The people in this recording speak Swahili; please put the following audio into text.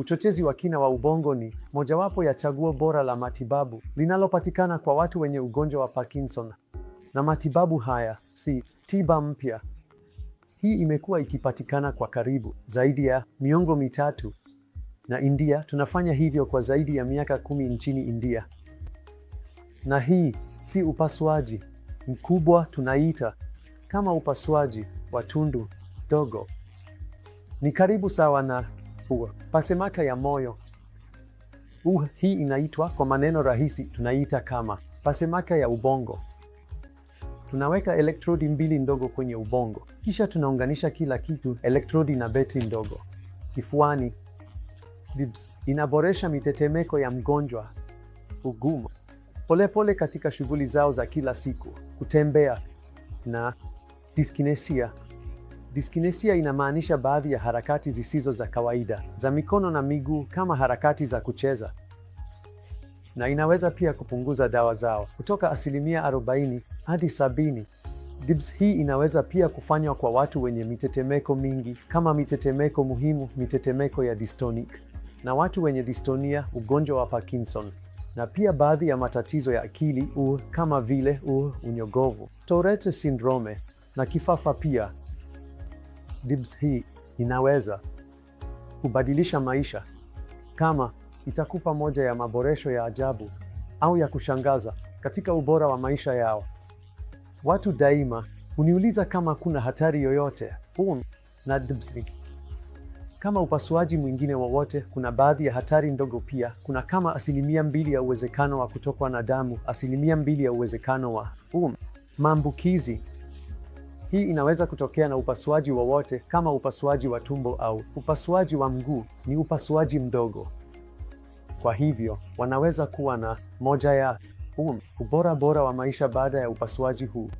Uchochezi wa kina wa ubongo ni mojawapo ya chaguo bora la matibabu linalopatikana kwa watu wenye ugonjwa wa Parkinson, na matibabu haya si tiba mpya. Hii imekuwa ikipatikana kwa karibu zaidi ya miongo mitatu, na India tunafanya hivyo kwa zaidi ya miaka kumi nchini India. Na hii si upasuaji mkubwa, tunaita kama upasuaji wa tundu dogo. Ni karibu sawa na pua, pasemaka ya moyo. Uh, hii inaitwa kwa maneno rahisi tunaiita kama pasemaka ya ubongo. Tunaweka elektrodi mbili ndogo kwenye ubongo, kisha tunaunganisha kila kitu, elektrodi na beti ndogo kifuani. DIBS inaboresha mitetemeko ya mgonjwa ugumu polepole katika shughuli zao za kila siku, kutembea na diskinesia. Diskinesia inamaanisha baadhi ya harakati zisizo za kawaida za mikono na miguu kama harakati za kucheza, na inaweza pia kupunguza dawa zao kutoka asilimia 40 hadi sabini. DIBS hii inaweza pia kufanywa kwa watu wenye mitetemeko mingi kama mitetemeko muhimu, mitetemeko ya dystonic, na watu wenye dystonia, ugonjwa wa Parkinson, na pia baadhi ya matatizo ya akili u kama vile u unyogovu, Tourette syndrome na kifafa pia. DIBS hii inaweza kubadilisha maisha kama itakupa moja ya maboresho ya ajabu au ya kushangaza katika ubora wa maisha yao. Watu daima huniuliza kama kuna hatari yoyote um, na DIBS. Kama upasuaji mwingine wowote, kuna baadhi ya hatari ndogo pia. Kuna kama asilimia mbili ya uwezekano wa kutokwa na damu, asilimia mbili ya uwezekano wa um, maambukizi hii inaweza kutokea na upasuaji wowote kama upasuaji wa tumbo au upasuaji wa mguu, ni upasuaji mdogo. Kwa hivyo wanaweza kuwa na moja ya um, ubora bora wa maisha baada ya upasuaji huu.